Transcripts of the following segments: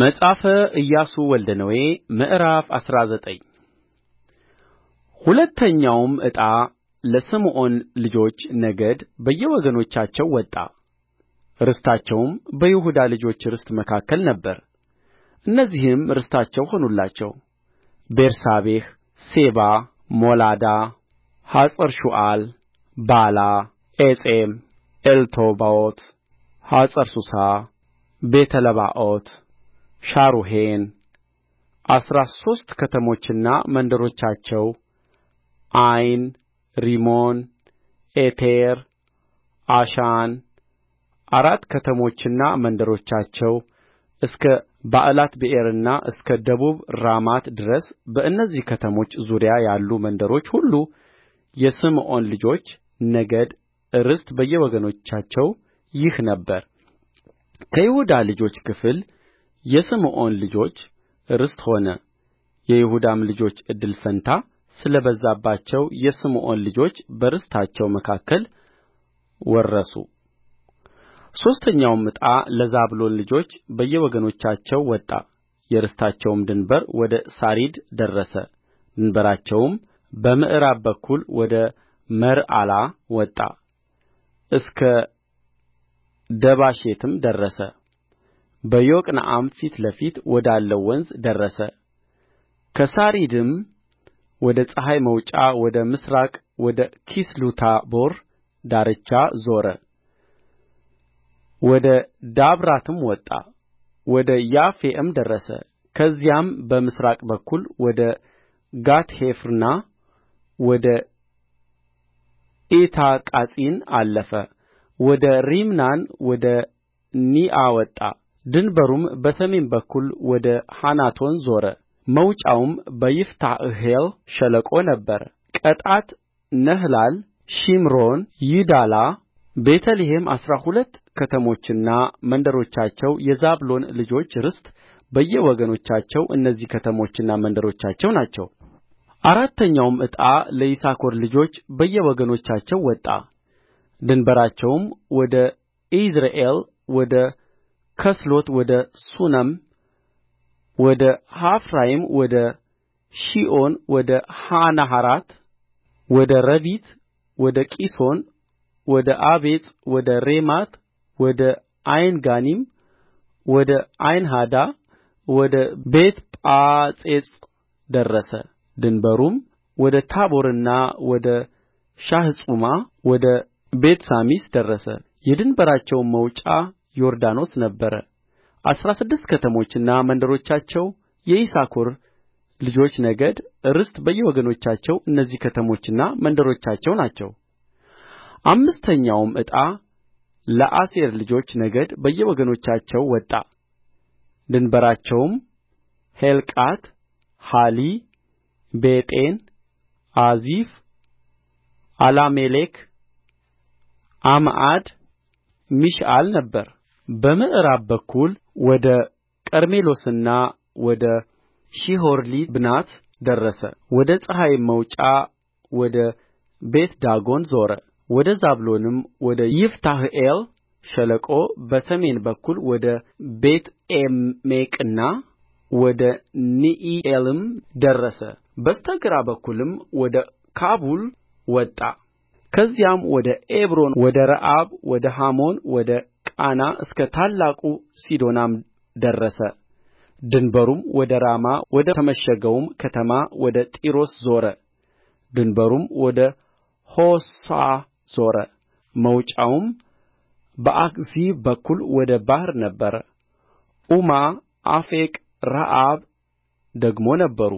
መጽሐፈ ኢያሱ ወልደ ነዌ ምዕራፍ አስራ ዘጠኝ ሁለተኛውም ዕጣ ለስምዖን ልጆች ነገድ በየወገኖቻቸው ወጣ። ርስታቸውም በይሁዳ ልጆች ርስት መካከል ነበር። እነዚህም ርስታቸው ሆኑላቸው፣ ቤርሳቤህ፣ ሴባ፣ ሞላዳ፣ ሐጸርሹዓል፣ ሹዓል፣ ባላ፣ ኤጼም፣ ኤልቶላድ፣ ሐጸርሱሳ፣ ሱሳ፣ ቤተ ለባኦት ሻሩሔን አሥራ ሦስት ከተሞችና መንደሮቻቸው አይን ሪሞን ኤቴር አሻን አራት ከተሞችና መንደሮቻቸው እስከ ባዕላትብኤርና እስከ ደቡብ ራማት ድረስ በእነዚህ ከተሞች ዙሪያ ያሉ መንደሮች ሁሉ የስምዖን ልጆች ነገድ ርስት በየወገኖቻቸው ይህ ነበረ ከይሁዳ ልጆች ክፍል የስምዖን ልጆች ርስት ሆነ የይሁዳም ልጆች እድል ፈንታ ስለ በዛባቸው የስምዖን ልጆች በርስታቸው መካከል ወረሱ ሦስተኛውም ዕጣ ለዛብሎን ልጆች በየወገኖቻቸው ወጣ የርስታቸውም ድንበር ወደ ሣሪድ ደረሰ ድንበራቸውም በምዕራብ በኩል ወደ መርአላ ወጣ እስከ ደባሼትም ደረሰ በዮቅንዓም ፊት ለፊት ወዳለው ወንዝ ደረሰ ከሣሪድም ወደ ፀሐይ መውጫ ወደ ምሥራቅ ወደ ኪስሎትታቦር ዳርቻ ዞረ ወደ ዳብራትም ወጣ ወደ ያፊዓም ደረሰ ከዚያም በምሥራቅ በኩል ወደ ጋትሔፍርና ወደ ኤታቃጺን አለፈ ወደ ሪምናን ወደ ኒዓ ወጣ ድንበሩም በሰሜን በኩል ወደ ሐናቶን ዞረ መውጫውም በይፍታሕኤል ሸለቆ ነበረ ቀጣት ነህላል ሺምሮን ይዳላ ቤተ ልሔም አሥራ ሁለት ከተሞችና መንደሮቻቸው የዛብሎን ልጆች ርስት በየወገኖቻቸው እነዚህ ከተሞችና መንደሮቻቸው ናቸው አራተኛውም ዕጣ ለይሳኮር ልጆች በየወገኖቻቸው ወጣ ድንበራቸውም ወደ ኢይዝራኤል ወደ ከስሎት ወደ ሱነም ወደ ሐፍራይም ወደ ሺኦን ወደ አናሐራት ወደ ረቢት ወደ ቂሶን ወደ አቤጽ ወደ ሬማት ወደ ዓይንጋኒም ወደ ዓይንሐዳ ወደ ቤትጳጼጽ ደረሰ። ድንበሩም ወደ ታቦርና ወደ ሻሕጹማ ወደ ቤትሳሚስ ደረሰ። የድንበራቸውም መውጫ ዮርዳኖስ ነበረ አሥራ ስድስት ከተሞችና መንደሮቻቸው የይሳኮር ልጆች ነገድ ርስት በየወገኖቻቸው እነዚህ ከተሞችና መንደሮቻቸው ናቸው አምስተኛውም ዕጣ ለአሴር ልጆች ነገድ በየወገኖቻቸው ወጣ ድንበራቸውም ሔልቃት ሐሊ ቤጤን አዚፍ አላሜሌክ ዓምዓድ ሚሽአል ነበረ በምዕራብ በኩል ወደ ቀርሜሎስና ወደ ሺሖርሊብናት ደረሰ ወደ ፀሐይም መውጫ ወደ ቤትዳጎን ዞረ ወደ ዛብሎንም ወደ ይፍታሕኤል ሸለቆ በሰሜን በኩል ወደ ቤትዔሜቅና ወደ ንዒኤልም ደረሰ በስተ ግራ በኩልም ወደ ካቡል ወጣ ከዚያም ወደ ዔብሮን ወደ ረአብ ወደ ሐሞን ወደ ቃና እስከ ታላቁ ሲዶናም ደረሰ ድንበሩም ወደ ራማ ወደ ተመሸገውም ከተማ ወደ ጢሮስ ዞረ ድንበሩም ወደ ሖሳ ዞረ መውጫውም በአክዚብ በኩል ወደ ባሕር ነበረ ዑማ አፌቅ ረአብ ደግሞ ነበሩ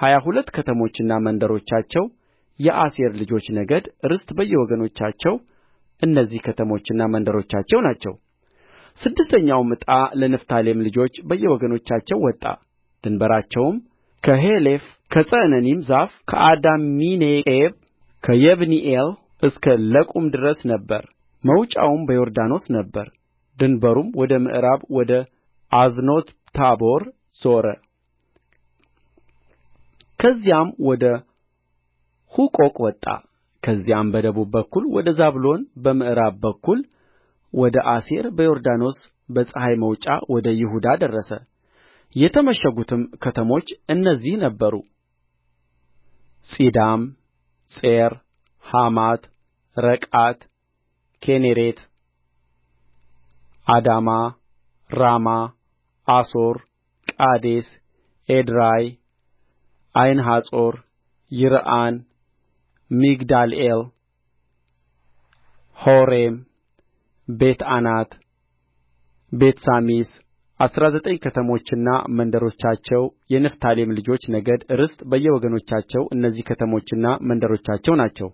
ሀያ ሁለት ከተሞችና መንደሮቻቸው የአሴር ልጆች ነገድ ርስት በየወገኖቻቸው እነዚህ ከተሞችና መንደሮቻቸው ናቸው ስድስተኛውም ዕጣ ለንፍታሌም ልጆች በየወገኖቻቸው ወጣ ድንበራቸውም ከሔሌፍ ከጸዕነኒም ዛፍ ከአዳሚኔቄብ ከየብኒኤል እስከ ለቁም ድረስ ነበረ መውጫውም በዮርዳኖስ ነበረ ድንበሩም ወደ ምዕራብ ወደ አዝኖትታቦር ዞረ ከዚያም ወደ ሁቆቅ ወጣ ከዚያም በደቡብ በኩል ወደ ዛብሎን በምዕራብ በኩል ወደ አሴር በዮርዳኖስ በፀሐይ መውጫ ወደ ይሁዳ ደረሰ የተመሸጉትም ከተሞች እነዚህ ነበሩ ጺዲም ጼር ሐማት ረቃት ኬኔሬት አዳማ ራማ አሶር ቃዴስ ኤድራይ ዓይንሐጾር ይርኦን ሚግዳልኤል ሖሬም ቤትዓናት ቤትሳሚስ አሥራ ዘጠኝ ከተሞችና መንደሮቻቸው የንፍታሌም ልጆች ነገድ ርስት በየወገኖቻቸው እነዚህ ከተሞችና መንደሮቻቸው ናቸው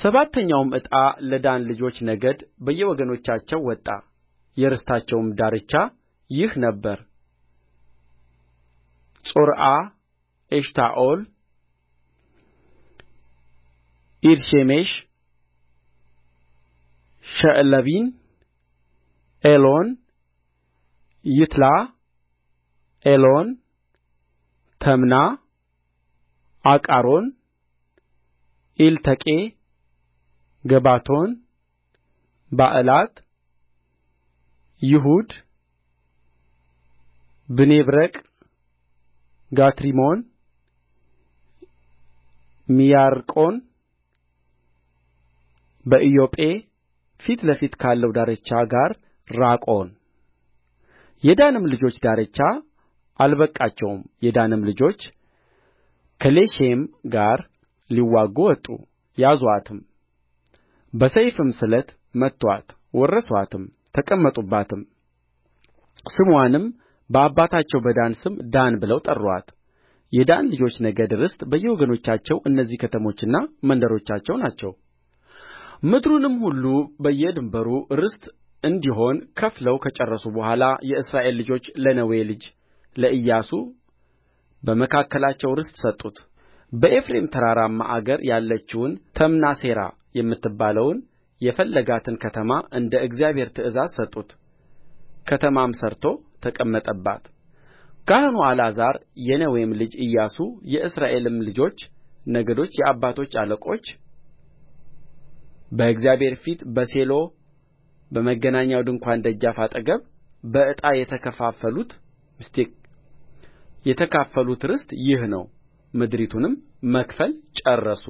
ሰባተኛውም ዕጣ ለዳን ልጆች ነገድ በየወገኖቻቸው ወጣ የርስታቸውም ዳርቻ ይህ ነበረ ጾርዓ ኤሽታኦል ዒርሼሜሽ ሸዕለቢን ኤሎን ይትላ ኤሎን ተምና አቃሮን ኢልተቄ ገባቶን ባዕላት ይሁድ ብኔብረቅ ጋትሪሞን ሜያርቆን በኢዮጴ ፊት ለፊት ካለው ዳርቻ ጋር ራቆን የዳንም ልጆች ዳርቻ አልበቃቸውም የዳንም ልጆች ከሌሼም ጋር ሊዋጉ ወጡ ያዙአትም በሰይፍም ስለት መቱአት ወረሱአትም ተቀመጡባትም ስምዋንም በአባታቸው በዳን ስም ዳን ብለው ጠሩአት የዳን ልጆች ነገድ ርስት በየወገኖቻቸው እነዚህ ከተሞችና መንደሮቻቸው ናቸው ምድሩንም ሁሉ በየድንበሩ ርስት እንዲሆን ከፍለው ከጨረሱ በኋላ የእስራኤል ልጆች ለነዌ ልጅ ለኢያሱ በመካከላቸው ርስት ሰጡት በኤፍሬም ተራራማ አገር ያለችውን ተምናሴራ የምትባለውን የፈለጋትን ከተማ እንደ እግዚአብሔር ትእዛዝ ሰጡት ከተማም ሠርቶ ተቀመጠባት ካህኑ አልዓዛር የነዌም ልጅ ኢያሱ የእስራኤልም ልጆች ነገዶች የአባቶች አለቆች በእግዚአብሔር ፊት በሴሎ በመገናኛው ድንኳን ደጃፍ አጠገብ በዕጣ የተካፈሉት ርስት ይህ ነው ምድሪቱንም መካፈል ጨረሱ